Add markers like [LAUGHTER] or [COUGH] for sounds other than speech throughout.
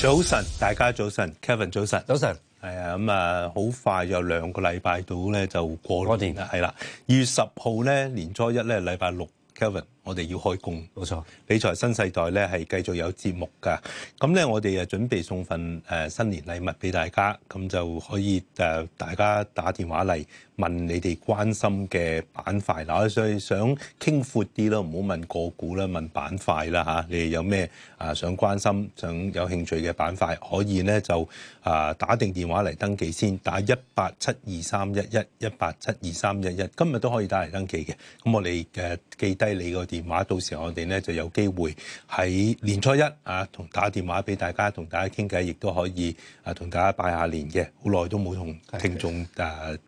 早晨，大家早晨，Kevin 早晨，早晨 Sir，係啊、嗯，咁啊，好快有兩個禮拜到咧就過年啦，係啦，二月十號咧，年初一咧，禮拜六，Kevin。我哋要開工，冇錯。理財新世代咧係繼續有節目㗎。咁咧，我哋誒準備送份誒新年禮物俾大家，咁就可以誒大家打電話嚟問你哋關心嘅板塊。嗱，所以想傾闊啲咯，唔好問個股啦，問板塊啦嚇。你哋有咩啊想關心、想有興趣嘅板塊，可以咧就啊打定電話嚟登記先，打一八七二三一一一八七二三一一，今日都可以打嚟登記嘅。咁我哋誒記低你個電。電話到時我呢，我哋咧就有機會喺年初一啊，同打電話俾大家，同大家傾偈，亦都可以啊，同大家拜下年嘅。好耐都冇同聽眾誒傾的、啊、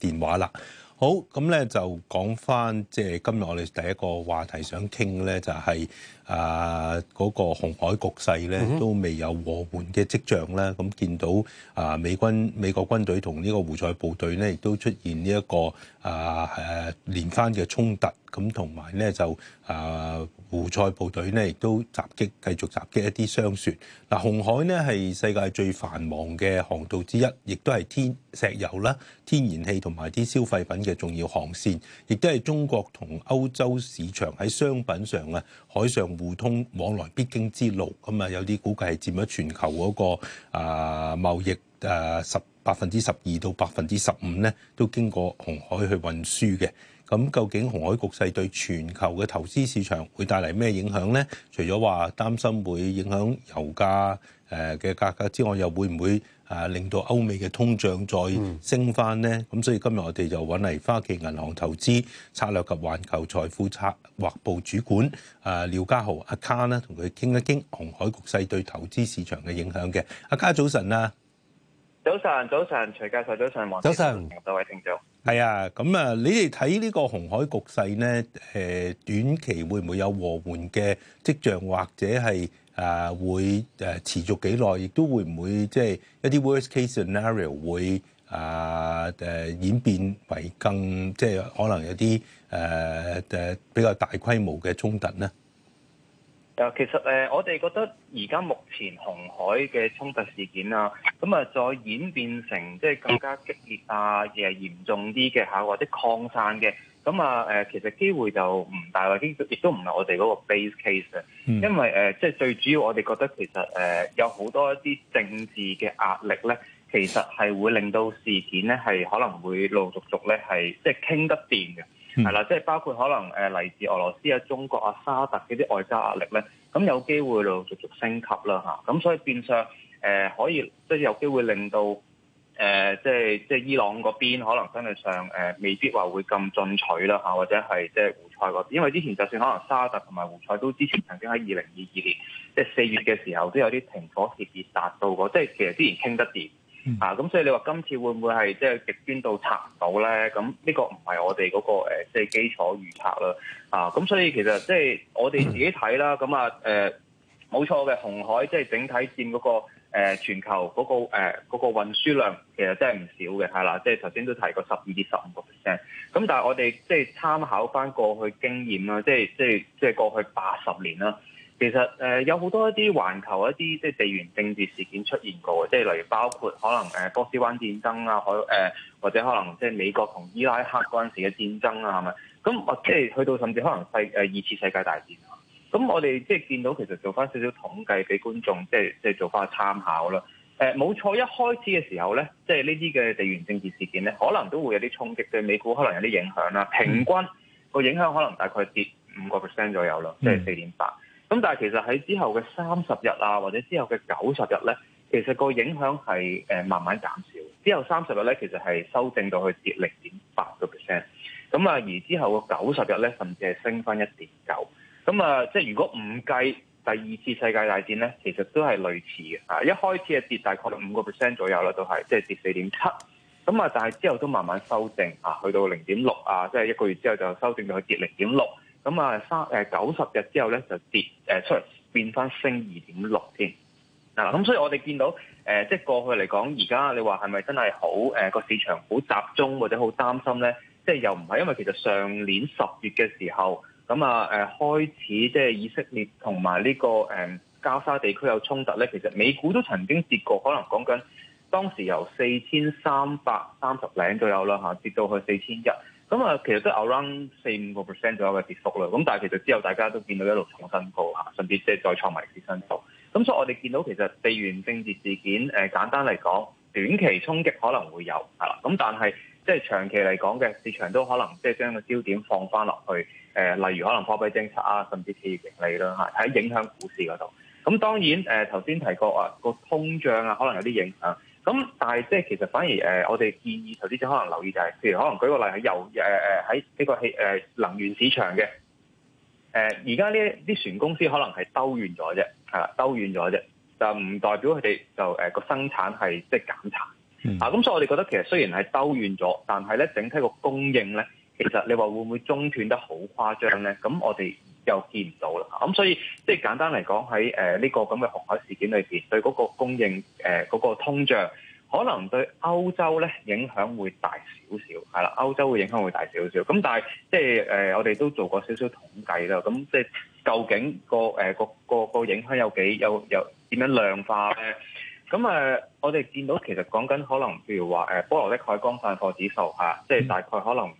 電話啦。好，咁咧就講翻，即係今日我哋第一個話題想傾咧，就係啊嗰個紅海局勢咧都未有和緩嘅跡象啦。咁見到啊、呃、美軍美國軍隊同呢個胡塞部隊咧，亦都出現呢、這、一個、呃、啊誒連番嘅衝突，咁同埋咧就啊。呃胡塞部隊呢亦都襲擊，繼續襲擊一啲商船。嗱、啊，紅海呢係世界最繁忙嘅航道之一，亦都係天石油啦、天然氣同埋啲消費品嘅重要航線，亦都係中國同歐洲市場喺商品上啊、海上互通往來必經之路。咁、那個、啊，有啲估計係佔咗全球嗰個啊貿易啊十百分之十二到百分之十五咧，都經過紅海去運輸嘅。咁究竟紅海局勢對全球嘅投資市場會帶嚟咩影響呢？除咗話擔心會影響油價誒嘅價格之外，又會唔會誒令到歐美嘅通脹再升翻呢？咁、嗯、所以今日我哋就揾嚟花旗銀行投資策略及環球財富策劃，劃部主管誒廖嘉豪阿卡呢同佢傾一傾紅海局勢對投資市場嘅影響嘅。阿、啊、卡早晨啊！早晨，早晨，徐教授，早晨，黃教授，各位聽眾，係啊，咁啊，你哋睇呢個紅海局勢咧，誒短期會唔會有和緩嘅跡象，或者係誒會誒持續幾耐，亦都會唔會即係一啲 worst case scenario 會誒誒演變為更即係可能有啲誒誒比較大規模嘅衝突咧？誒，其實誒，我哋覺得而家目前紅海嘅衝突事件啊，咁啊再演變成即係更加激烈啊，而係嚴重啲嘅嚇，或者擴散嘅，咁啊誒，其實機會就唔大啦，亦都唔係我哋嗰個 base case 嘅，嗯、因為誒，即係最主要我哋覺得其實誒，有好多一啲政治嘅壓力咧，其實係會令到事件咧係可能會陸陸續續咧係即係傾得掂嘅。係啦，即係、mm hmm. 包括可能誒嚟自俄羅斯啊、中國啊、沙特嗰啲外交壓力咧，咁有機會陸陸續續升級啦嚇，咁所以變相誒、呃、可以即係有機會令到誒、呃、即係即係伊朗嗰邊可能真係上誒未必話會咁進取啦嚇，或者係即係胡塞嗰邊，因為之前就算可能沙特同埋胡塞都之前曾經喺二零二二年即係四月嘅時候都有啲停火協議達到過，即係其實之前傾得掂。 [NOISE] 啊，咁所以你話今次會唔會係即係極端到拆唔到咧？咁呢個唔係我哋嗰、嗰個即係、呃、基礎預測啦。啊，咁所以其實即係我哋自己睇啦。咁啊誒，冇錯嘅紅海即係整體佔嗰、嗰個、呃、全球嗰、嗰個誒嗰、呃嗰個運輸量，其實真係唔少嘅係啦。即係頭先都提過十二至十五個 percent。咁、啊、但係我哋即係參考翻過去經驗啦，即係即係即係過去八十年啦。其實誒有好多一啲環球一啲即係地緣政治事件出現過，即係例如包括可能誒波斯灣戰爭啊，海誒或者可能即係美國同伊拉克嗰陣時嘅戰爭啊，係咪？咁或即係去到甚至可能世誒二次世界大戰啊。咁我哋即係見到其實做翻少少統計俾觀眾，即係即係做翻個參考啦。誒冇錯，一開始嘅時候咧，即係呢啲嘅地緣政治事件咧，可能都會有啲衝擊對美股可能有啲影響啦。平均個影響可能大概跌五個 percent 左右咯，即係四點八。咁但係其實喺之後嘅三十日啊，或者之後嘅九十日咧，其實個影響係誒、呃、慢慢減少。之後三十日咧，其實係修正到去跌零點八個 percent。咁啊，而之後嘅九十日咧，甚至係升返一點九。咁啊，即係如果唔計第二次世界大戰咧，其實都係類似嘅嚇。一開始係跌大概五個 percent 左右啦，都係即係跌四點七。咁啊，但係之後都慢慢修正啊，去到零點六啊，即、就、係、是、一個月之後就修正到去跌零點六。咁啊，三誒九十日之後咧就跌誒出嚟變返升二點六添嗱，咁所以我哋見到誒、呃、即係過去嚟講，而家你話係咪真係好誒個、呃、市場好集中或者好擔心咧？即係又唔係因為其實上年十月嘅時候，咁啊誒開始即係以色列同埋呢個誒加、呃、沙地區有衝突咧，其實美股都曾經跌過，可能講緊。當時由四千三百三十領左右啦嚇，跌到去四千一，咁啊其實都 around 四五個 percent 左右嘅跌幅啦。咁但係其實之後大家都見到一路創新高嚇，甚至即係再創埋新高。咁所以我哋見到其實地緣政治事件，誒簡單嚟講，短期衝擊可能會有係啦。咁但係即係長期嚟講嘅市場都可能即係將個焦點放翻落去誒、呃，例如可能貨幣政策啊，甚至企業盈利啦嚇，喺影響股市嗰度。咁、嗯、當然誒頭先提過啊，個通脹啊可能有啲影響。咁，但係即係其實反而誒、呃，我哋建議投資者可能留意就係、是，譬如可能舉個例喺油誒誒喺呢個氣誒能源市場嘅誒，而家呢啲船公司可能係兜遠咗啫，係、啊、啦，兜遠咗啫，就唔代表佢哋就誒個、呃、生產係即係減產、嗯、啊。咁所以我哋覺得其實雖然係兜遠咗，但係咧整體個供應咧，其實你話會唔會中斷得好誇張咧？咁我哋。又見唔到啦，咁所以即係、就是、簡單嚟講喺誒呢個咁嘅紅海事件裏邊，對嗰個供應誒嗰、呃那個通脹，可能對歐洲咧影響會大少少，係啦，歐洲會影響會大少少。咁但係即係誒、呃，我哋都做過少少統計啦，咁、嗯、即係究竟個誒、呃、個個個影響有幾有有點樣量化咧？咁誒、呃，我哋見到其實講緊可能，譬如話誒，波羅的海乾散貨指數嚇，即係大概可能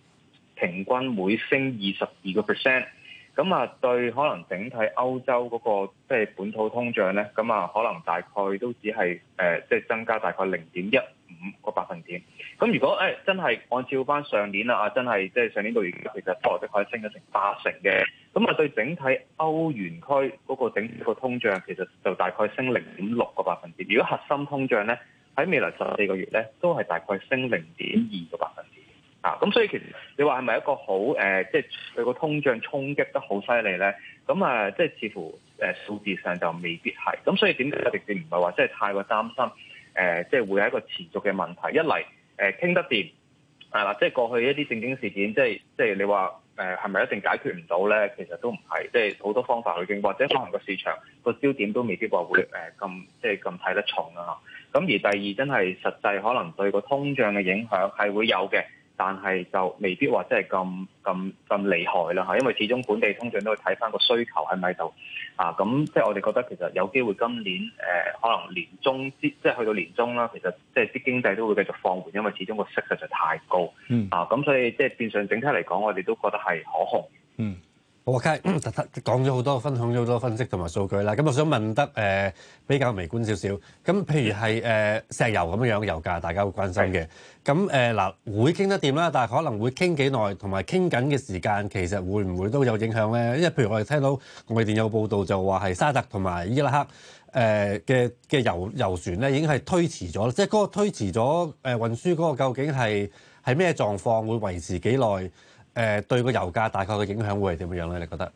平均每升二十二個 percent。 [NOISE] 咁啊，對可能整體歐洲嗰個即係本土通脹咧，咁啊可能大概都只係誒即係增加大概零點一五個百分點。咁如果誒、欸、真係按照翻上年啦啊，真係即係上年到而家其實都可以升咗成八成嘅。咁啊對整體歐元區嗰個整個通脹其實就大概升零點六個百分點。如果核心通脹咧，喺未來十四個月咧都係大概升零點二個百分點。啊，咁、嗯、所以其實你話係咪一個好誒，即、呃、係、就是、對個通脹衝擊得好犀利咧？咁啊，即、呃、係、就是、似乎誒、呃、數字上就未必係。咁、嗯、所以點解我哋唔係話即係太過擔心誒，即、呃、係、就是、會係一個持續嘅問題。一嚟誒傾得掂係啦，即、啊、係、就是、過去一啲政經事件，即係即係你話誒係咪一定解決唔到咧？其實都唔係，即係好多方法去傾，或者可能個市場、那個焦點都未必話會誒咁即係咁睇得重啊。咁、嗯、而第二真係實際可能對個通脹嘅影響係會有嘅。但係就未必話真係咁咁咁厲害啦嚇，因為始終本地通脹都會睇翻個需求喺咪度。啊咁，即係我哋覺得其實有機會今年誒、呃、可能年中即即係去到年中啦，其實即係啲經濟都會繼續放緩，因為始終個息實在太高，嗯啊咁，所以即係變相整體嚟講，我哋都覺得係可控，嗯。好啊，咁就 [LAUGHS] 講咗好多，分享咗好多分析同埋數據啦。咁我想問得誒、呃、比較微觀少少。咁譬如係誒、呃、石油咁樣，油價大家會關心嘅。咁誒嗱會傾得掂啦，但係可能會傾幾耐，同埋傾緊嘅時間其實會唔會都有影響咧？因為譬如我哋聽到外電有報道，就話係沙特同埋伊拉克誒嘅嘅油油船咧已經係推遲咗。即係嗰個推遲咗誒運輸嗰個究竟係係咩狀況？會維持幾耐？誒對個油價大概嘅影響會係點樣咧？你覺得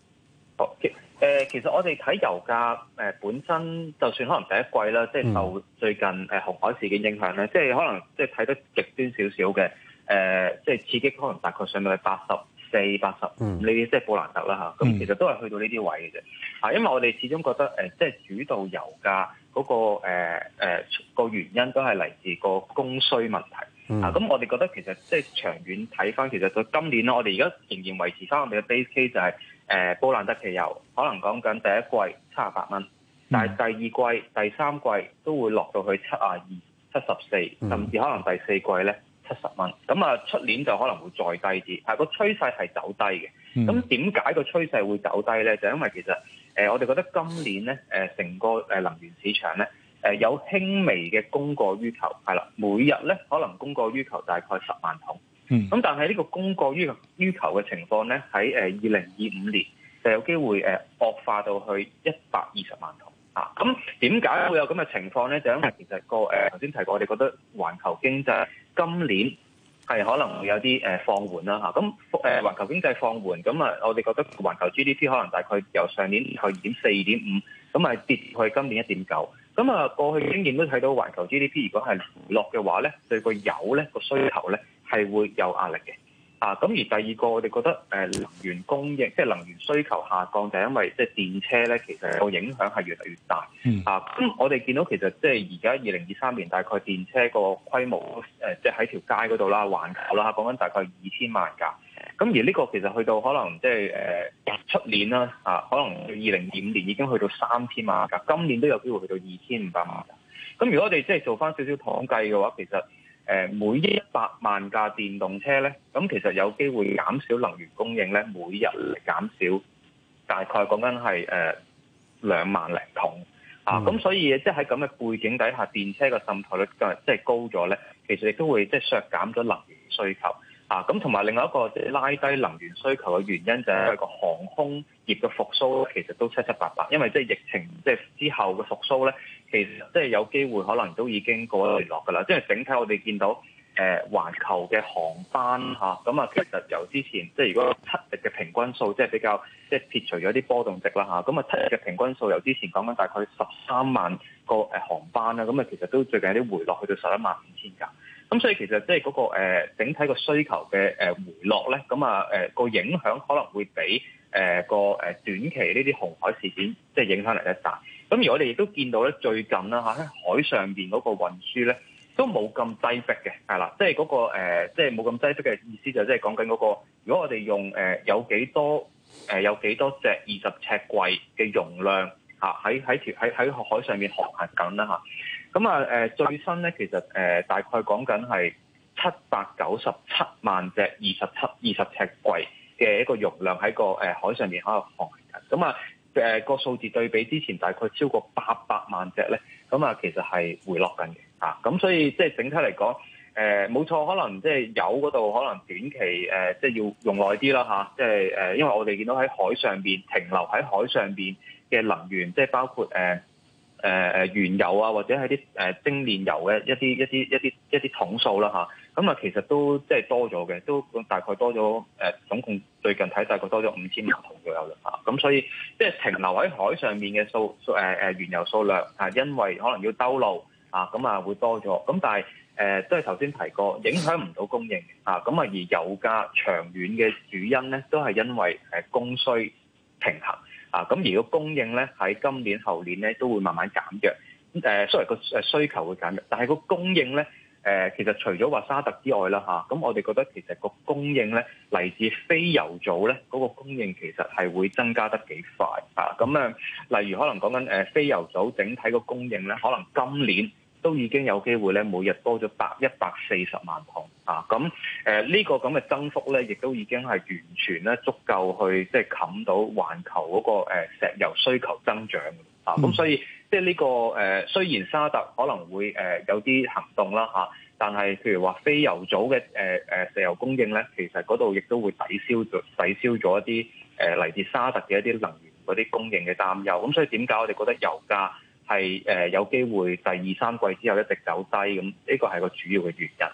？OK，誒其實我哋睇油價誒本身，就算可能第一季啦，即、就、係、是、受最近誒紅海事件影響咧，即係、嗯、可能即係睇得極端少少嘅誒，即、呃、係、就是、刺激可能大概上到去八十四、八十，呢啲即係布蘭特啦嚇。咁其實都係去到呢啲位嘅啫。啊、嗯，因為我哋始終覺得誒，即、呃、係、就是、主導油價嗰、那個誒誒個原因都係嚟自個供需問題。Mm hmm. 啊，咁我哋覺得其實即係、就是、長遠睇翻，其實佢今年咧，我哋而家仍然維持翻我哋嘅 base case 就係、是，誒、呃、布蘭特期油可能講緊第一季七十八蚊，mm hmm. 但係第二季、第三季都會落到去七十二、七十四，甚至可能第四季咧七十蚊。咁啊，出年就可能會再低啲，係、啊、個趨勢係走低嘅。咁點解個趨勢會走低咧？就因為其實誒、呃、我哋覺得今年咧，誒成個誒能源市場咧。誒有輕微嘅供過於求，係啦，每日咧可能供過於求大概十萬桶。嗯，咁但係呢個供過於求嘅情況咧，喺誒二零二五年就有機會誒惡化到去一百二十萬桶啊！咁點解會有咁嘅情況咧？就因為其實個誒頭先提過，我哋覺得環球經濟今年係可能會有啲誒、呃、放緩啦嚇。咁誒環球經濟放緩，咁啊我哋覺得環球 GDP 可能大概由上年去二點四二點五，咁啊跌去今年一點九。咁啊，過去經驗都睇到，環球 GDP 如果係回落嘅話咧，對個油咧個需求咧係會有壓力嘅。啊，咁而第二個我哋覺得，誒、呃、能源供應即係能源需求下降就，就係因為即係電車咧，其實個影響係越嚟越大。嗯、啊，咁、嗯、我哋見到其實即係而家二零二三年大概電車個規模，誒即係喺條街嗰度啦，環球啦，講緊大概二千萬架。咁而呢個其實去到可能即係誒出年啦，啊，可能二零二五年已經去到三千萬架，今年都有機會去到二千五百萬架。咁、啊、如果我哋即係做翻少少統計嘅話，其實誒、呃、每一百萬架電動車咧，咁、嗯、其實有機會減少能源供應咧，每日減少大概講緊係誒兩萬零桶啊。咁、嗯嗯啊、所以即係喺咁嘅背景底下，電車嘅滲透率就即係高咗咧，其實亦都會即係削減咗能源需求。啊，咁同埋另外一個即係拉低能源需求嘅原因就係、是、一個航空業嘅復甦其實都七七八八，因為即係疫情即係、就是、之後嘅復甦咧，其實即係有機會可能都已經過咗回落噶啦。即係整體我哋見到誒、呃、環球嘅航班嚇，咁啊、嗯嗯嗯嗯、其實由之前即係如果七日嘅平均數即係比較即係、就是、撇除咗啲波動值啦嚇，咁啊七日嘅平均數由之前講緊大概十三萬個誒航、呃、班啦，咁啊其實都最近有啲回落去到十一萬五千架。咁所以其實即係嗰個、呃、整體個需求嘅誒回落咧，咁啊誒個影響可能會比誒、呃、個誒、呃、短期呢啲紅海事件即係、就是、影響嚟得大。咁而我哋亦都見到咧最近啦嚇喺海上邊嗰個運輸咧都冇咁擠逼嘅，係啦，即係嗰個即係冇咁擠逼嘅意思就即係講緊嗰個，如果我哋用誒、呃、有幾多誒、呃、有幾多隻二十尺櫃嘅容量嚇喺喺條喺喺海上面航行緊啦嚇。啊啊咁啊，誒、嗯、最新咧，其實誒、呃、大概講緊係七百九十七萬隻二十七二十尺櫃嘅一個容量喺個誒、呃、海上面喺度航行緊，咁啊，誒、嗯呃、個數字對比之前大概超過八百萬隻咧，咁、嗯、啊其實係回落緊嘅嚇。咁、啊、所以即係整體嚟講，誒、呃、冇錯，可能即係有嗰度可能短期誒、呃、即係要用耐啲啦嚇。即係誒、呃，因為我哋見到喺海上面停留喺海上面嘅能源，即係包括誒、呃誒誒、呃、原油啊，或者係啲誒精煉油嘅一啲一啲一啲一啲桶數啦吓，咁啊，其實都即係多咗嘅，都大概多咗誒總共最近睇大概多咗五千萬桶左右啦嚇，咁、啊嗯、所以即係停留喺海上面嘅數誒誒、呃、原油數量啊，因為可能要兜路啊，咁啊，會多咗，咁、啊、但係誒、呃、都係頭先提過，影響唔到供應啊，咁啊，而油價長遠嘅主因咧，都係因為誒供需平衡。啊，咁而個供應咧喺今年後年咧都會慢慢減弱，咁、呃、誒，雖然個誒需求會減弱，但係個供應咧，誒、呃、其實除咗話沙特之外啦嚇，咁、啊、我哋覺得其實個供應咧嚟自非油組咧嗰、那個供應其實係會增加得幾快嚇，咁、啊、樣、啊、例如可能講緊誒、呃、非油組整體個供應咧，可能今年，都已經有機會咧，每日多咗百一百四十萬桶啊！咁誒呢個咁嘅增幅咧，亦都已經係完全咧足夠去即係冚到環球嗰個石油需求增長啊！咁、嗯嗯嗯、所以即係呢、這個誒雖然沙特可能會誒、啊、有啲行動啦嚇、啊，但係譬如話非油組嘅誒誒石油供應咧，其實嗰度亦都會抵消咗抵消咗一啲誒嚟自沙特嘅一啲能源嗰啲供應嘅擔憂。咁、嗯啊嗯嗯、所以點解我哋覺得油價係誒、呃、有機會第二三季之後一直走低，咁呢個係個主要嘅原因。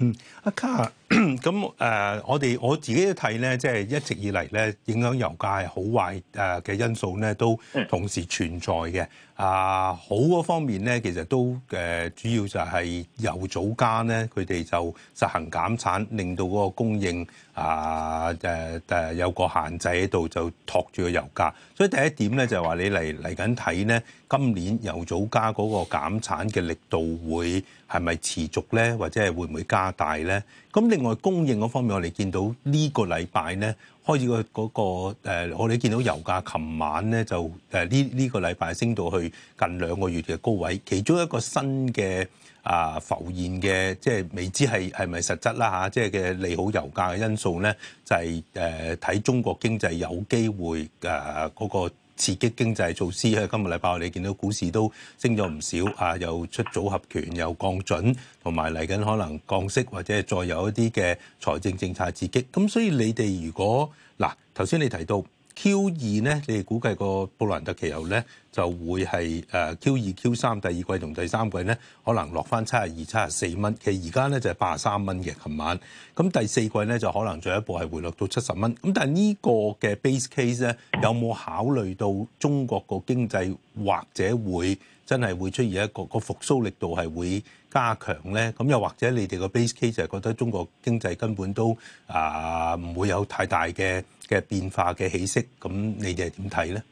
嗯，阿 Car 咁誒，我哋、呃、我自己睇咧，即係一直以嚟咧，影響油價係好壞誒嘅因素咧，都同時存在嘅。啊、呃，好嗰方面咧，其實都誒、呃、主要就係油組加咧，佢哋就實行減產，令到嗰個供應啊誒誒有個限制喺度，就托住個油價。所以第一點咧，就係、係、話你嚟嚟緊睇咧，今年油組加嗰個減產嘅力度會係咪持續咧，或者係會唔會加大咧？咁另外供應嗰方面，我哋見到呢個禮拜咧，開始個嗰個誒，我哋見到油價，琴晚咧就誒呢呢個禮拜升到去近兩個月嘅高位。其中一個新嘅啊浮現嘅，即係未知係係咪實質啦嚇，即係嘅利好油價嘅因素咧，就係誒睇中國經濟有機會誒嗰個。刺激經濟措施，今個禮拜我哋見到股市都升咗唔少，啊又出組合拳，又降準，同埋嚟緊可能降息或者再有一啲嘅財政政策刺激。咁所以你哋如果嗱，頭先你提到。Q 二咧，你哋估計個布蘭特期油咧就會係誒 Q 二、Q 三第二季同第三季咧，可能落翻七十二、七十四蚊。其實而家咧就係八十三蚊嘅，琴晚。咁第四季咧就可能進一步係回落到七十蚊。咁但係呢個嘅 base case 咧，有冇考慮到中國個經濟或者會真係會出現一個個復甦力度係會加強咧？咁又或者你哋個 base case 就係覺得中國經濟根本都啊唔、呃、會有太大嘅嘅變化嘅起色，咁你哋係點睇咧？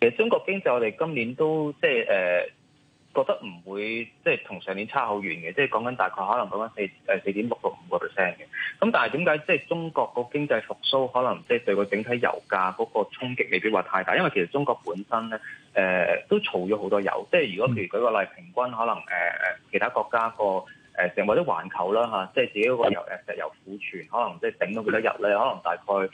其實中國經濟我哋今年都即係誒，覺得唔會即係同上年差好遠嘅，即係講緊大概可能講緊四誒四點六到五個 percent 嘅。咁但係點解即係中國個經濟復甦可能即係對個整體油價嗰個衝擊未必話太大？因為其實中國本身咧誒、呃、都儲咗好多油，即係如果譬如舉個例，平均可能誒誒、呃、其他國家個。誒，成或者環球啦嚇，即係自己嗰個油誒石油庫存，可能即係頂到幾多日咧？可能大概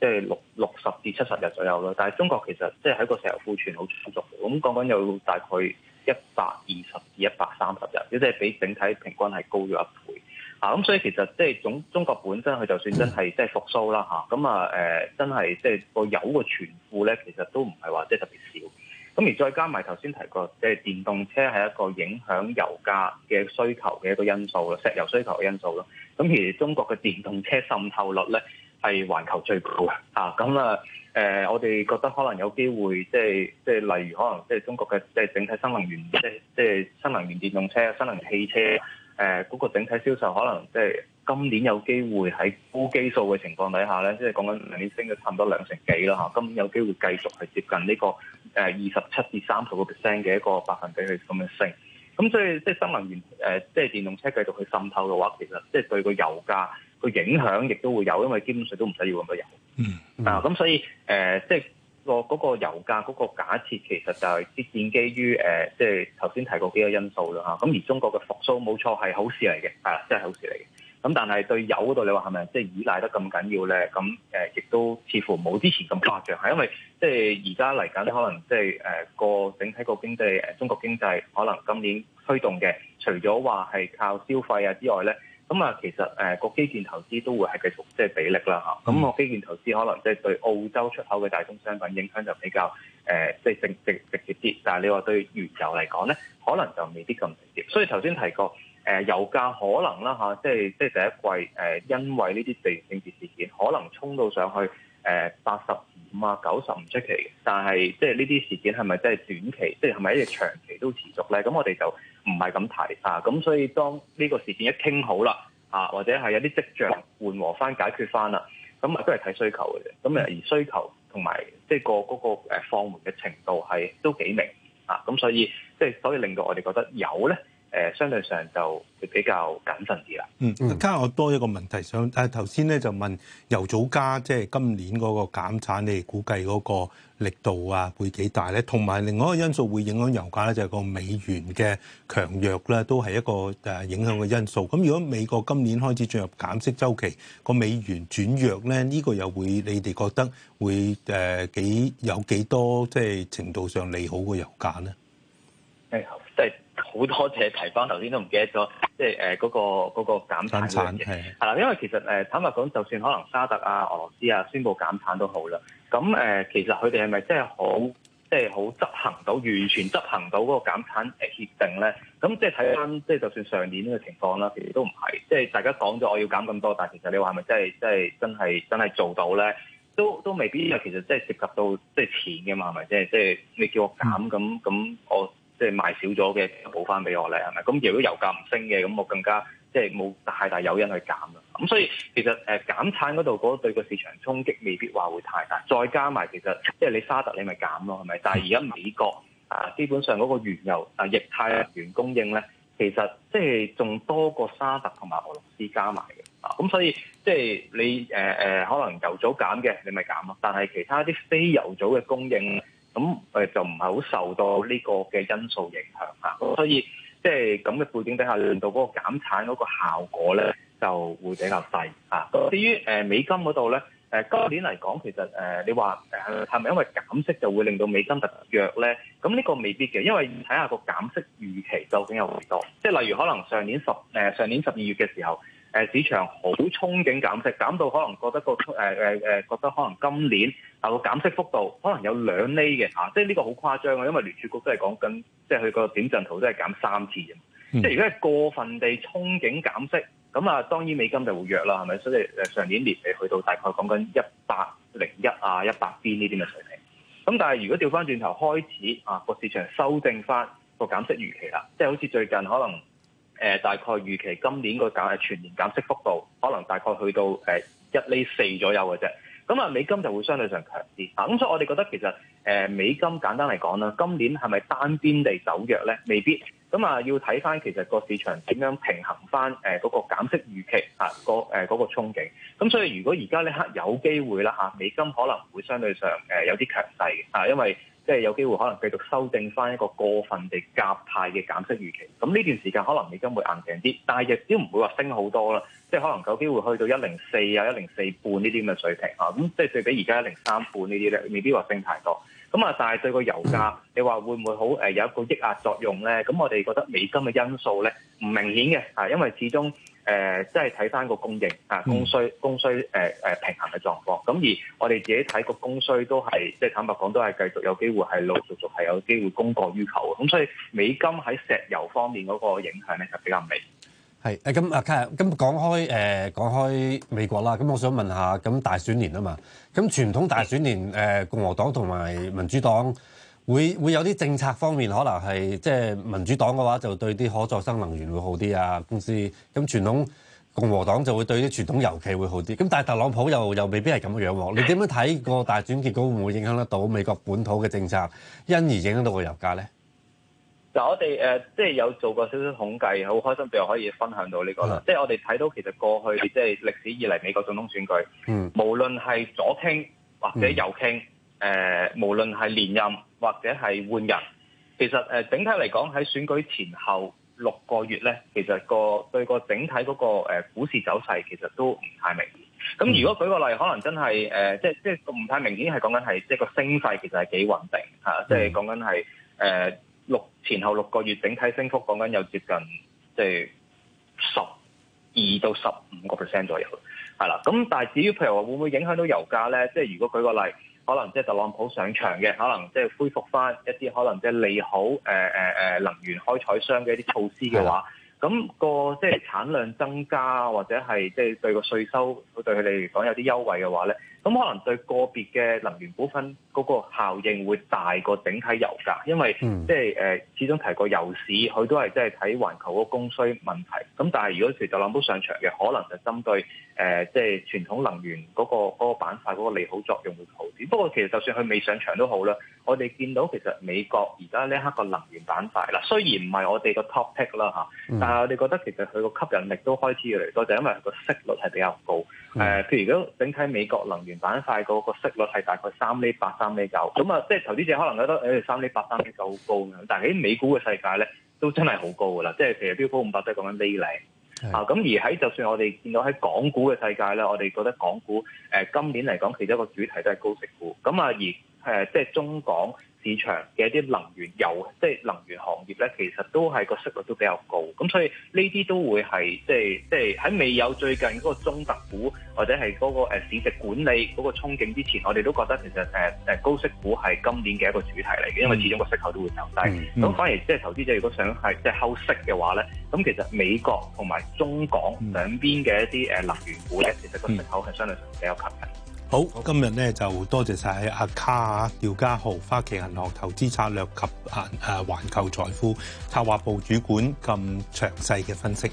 即係六六十至七十日左右咯。但係中國其實即係喺個石油庫存好充足，咁、嗯、講緊有大概一百二十至一百三十日，即、就、係、是、比整體平均係高咗一倍。嚇、啊，咁所以其實即係總中國本身佢就算真係即係復甦啦嚇，咁啊誒、呃，真係即係個油嘅存庫咧，其實都唔係話即係特別少。咁而再加埋頭先提過，即係電動車係一個影響油價嘅需求嘅一個因素咯，石油需求嘅因素咯。咁而中國嘅電動車滲透率咧係環球最高嘅，嚇咁啊，誒、呃，我哋覺得可能有機會，即係即係例如可能即係中國嘅即係整體新能源即即係新能源電動車、新能源汽車。誒嗰個整體銷售可能即係今年有機會喺高基數嘅情況底下咧，即係講緊兩年升咗差唔多兩成幾啦嚇，今年有機會繼續係接近呢、這個誒二十七至三十個 percent 嘅一個百分比去咁樣升，咁所以即係新能源誒，即、呃、係、就是、電動車繼續去滲透嘅話，其實即係對個油價個影響亦都會有，因為基本上都唔使要咁多油。嗯、mm。Hmm. 啊，咁所以誒，即、呃、係。就是個嗰個油價嗰個假設其實就係啲建基於誒，即係頭先提過幾個因素啦嚇。咁、啊、而中國嘅復蘇冇錯係好事嚟嘅，係真係好事嚟嘅。咁但係對油嗰度你話係咪即係依賴得咁緊要咧？咁誒亦都似乎冇之前咁誇張，係因為即係而家嚟緊咧，可能即係誒個整體個經濟誒、呃、中國經濟可能今年推動嘅，除咗話係靠消費啊之外咧。咁啊，其實誒個基建投資都會係繼續即係比力啦嚇。咁個、嗯、基建投資可能即係對澳洲出口嘅大宗商品影響就比較誒即係正正直接啲。但係你話對原油嚟講咧，可能就未必咁直接。所以頭先提過誒、呃、油價可能啦嚇，即係即係第一季誒、呃，因為呢啲地政治事件可能衝到上去誒八十五啊九十唔出奇嘅。但係即係呢啲事件係咪真係短期？即係係咪一直長期都持續咧？咁我哋就。唔係咁睇啊，咁所以當呢個事件一傾好啦啊，或者係有啲跡象緩和翻解決翻啦，咁啊都係睇需求嘅啫。咁、啊、而需求同埋即係個嗰、個誒放緩嘅程度係都幾明啊，咁所以即係、即係、所以令到我哋覺得有咧。誒相對上就會比較謹慎啲啦。嗯，加我多一個問題想誒，頭先咧就問油組加，即係今年嗰個減產，你哋估計嗰個力度啊會幾大咧？同埋另外一個因素會影響油價咧，就係個美元嘅強弱咧，都係一個誒影響嘅因素。咁如果美國今年開始進入減息週期，個美元轉弱咧，呢個又會你哋覺得會誒幾有幾多即係程度上利好個油價咧？誒好。好多謝提翻，頭先都唔記得咗，即係誒嗰個嗰、嗰個減產嘅係啦。因為其實誒、呃、坦白講，就算可能沙特啊、俄羅斯啊宣佈減產都好啦。咁誒、呃、其實佢哋係咪真係好即係好執行到完全執行到嗰個減產誒協定咧？咁即係睇翻，即係就算上年呢個情況啦，其實都唔係。即係大家講咗我要減咁多，但係其實你話係咪真係真係真係真係做到咧？都都未必。因為其實即係涉及到即係錢嘅嘛，係咪即係即係你叫我減咁咁我？即係賣少咗嘅補翻俾我咧，係咪？咁如果油價唔升嘅，咁我更加即係冇太大誘因去減啦。咁所以其實誒、呃、減產嗰度嗰對個市場衝擊未必話會太大。再加埋其實即係你沙特你咪減咯，係咪？但係而家美國啊，基本上嗰個原油啊液態原油供應咧，其實即係仲多過沙特同埋俄羅斯加埋嘅。啊，咁所以即係你誒誒、呃呃、可能油組減嘅，你咪減咯。但係其他啲非油組嘅供應。咁誒、嗯、就唔係好受到呢個嘅因素影響啊，所以即係咁嘅背景底下，令到嗰個減產嗰個效果咧就會比較細啊。至於誒、呃、美金嗰度咧，誒、呃、今年嚟講其實誒、呃、你話誒係咪因為減息就會令到美金特別弱咧？咁呢個未必嘅，因為你睇下個減息預期究竟有幾多，即、就、係、是、例如可能上年十誒、呃、上年十二月嘅時候。誒市場好憧憬減息，減到可能覺得個誒誒誒覺得可能今年啊個減息幅度可能有兩厘嘅啊，即係呢個好誇張啊，因為聯儲局都係講緊，即係佢個點陣圖都係減三次嘅，即係如果係過分地憧憬減息，咁啊當然美金就會弱啦，係咪？所以誒上年年尾去到大概講緊一百零一啊一百邊呢啲嘅水平，咁、啊、但係如果調翻轉頭開始啊個市場修正翻個減息預期啦，即係好似最近可能。誒、呃、大概預期今年個減係全年減息幅度，可能大概去到誒、呃、一釐四左右嘅啫。咁、嗯、啊，美金就會相對上強啲。咁、啊、所以我哋覺得其實誒、呃、美金簡單嚟講啦，今年係咪單邊地走弱咧？未必。咁、嗯、啊，要睇翻其實個市場點樣平衡翻誒嗰個減息預期啊，嗰個誒嗰、呃嗰個憧憬。咁、啊、所以如果而家呢刻有機會啦嚇、啊，美金可能會相對上誒、呃、有啲強勢啊，因為。即係有機會可能繼續修正翻一個過分地鴿態嘅減息預期，咁呢段時間可能美金會硬淨啲，但係亦都唔會話升好多啦。即係可能有機會去到一零四啊、一零四半呢啲咁嘅水平啊，咁即係對比而家一零三半呢啲咧，未必話升太多。咁啊，但係對個油價，你話會唔會好誒、呃、有一個抑壓作用咧？咁我哋覺得美金嘅因素咧唔明顯嘅，啊，因為始終誒即係睇返個供應啊，供需供需誒誒、呃呃、平衡嘅狀況。咁而我哋自己睇個供需都係即係坦白講都係繼續有機會係陸續陸續係有機會供過於求嘅。咁所以美金喺石油方面嗰個影響咧就比較微。係，咁啊，咁講開誒講開美國啦，咁我想問下咁大選年啊嘛，咁傳統大選年誒共和黨同埋民主黨會會有啲政策方面可能係即係民主黨嘅話就對啲可再生能源會好啲啊公司，咁傳統共和黨就會對啲傳統油企會好啲，咁但係特朗普又又未必係咁樣喎。你點樣睇個大選結果會唔會影響得到美國本土嘅政策，因而影響到個油價呢？嗱，我哋誒即係有做過少少統計，好開心，譬如可以分享到呢個啦。即係我哋睇到其實過去即係歷史以嚟美國總統選舉，無論係左傾或者右傾，誒無論係連任或者係換人，其實誒整體嚟講喺選舉前後六個月咧，其實個對個整體嗰個誒股市走勢其實都唔太明顯。咁如果舉個例，可能真係誒即係即係唔太明顯係講緊係即個升勢其實係幾穩定嚇，即係講緊係誒。六前後六個月整體升幅講緊有接近即係十二到十五個 percent 左右，係啦。咁但係至於譬如話會唔會影響到油價咧？即係如果舉個例，可能即係特朗普上場嘅，可能即係恢復翻一啲可能即係利好誒誒誒能源開採商嘅一啲措施嘅話，咁的個即係產量增加或者係即係對個稅收會對佢哋嚟講有啲優惠嘅話咧？咁可能對個別嘅能源股份嗰個效應會大過整體油價，因為即係誒，mm. 始終提過油市，佢都係即係睇環球嗰個供需問題。咁但係如果特朗普上場嘅，可能就針對誒，即、呃、係、就是、傳統能源嗰、那個那個板塊嗰個利好作用會好啲。不過其實就算佢未上場都好啦，我哋見到其實美國而家呢刻個能源板塊啦，雖然唔係我哋個 topic 啦、啊、嚇，mm. 但係我哋覺得其實佢個吸引力都開始越嚟多，就是、因為佢個息率係比較高。誒、mm. 呃，譬如如果整體美國能源板塊嗰個息率係大概三厘八、三厘九，咁啊，即係投資者可能覺得誒三厘八、三厘九好高嘅，但係喺美股嘅世界咧，都真係好高噶啦，即係其實標普五百都係咁樣釐零啊。咁而喺就算我哋見到喺港股嘅世界咧，我哋覺得港股誒、呃、今年嚟講，其中一個主題都係高息股，咁啊而。誒，即係中港市場嘅一啲能源油，即係能源行業咧，其實都係個息率都比較高，咁所以呢啲都會係即係即係喺未有最近嗰個中特股或者係嗰、那個、啊、市值管理嗰個憧憬之前，我哋都覺得其實誒誒、啊啊、高息股係今年嘅一個主題嚟嘅，因為始終個息口都會走低。咁、嗯嗯、反而即係投資者如果想係即係收息嘅話咧，咁其實美國同埋中港兩邊嘅一啲誒、嗯嗯、能源股咧，其實個息口係相對上比較吸引。好，今日咧就多謝晒阿卡啊、廖嘉豪、花旗銀行投資策略及啊誒環球財富策劃部主管咁詳細嘅分析。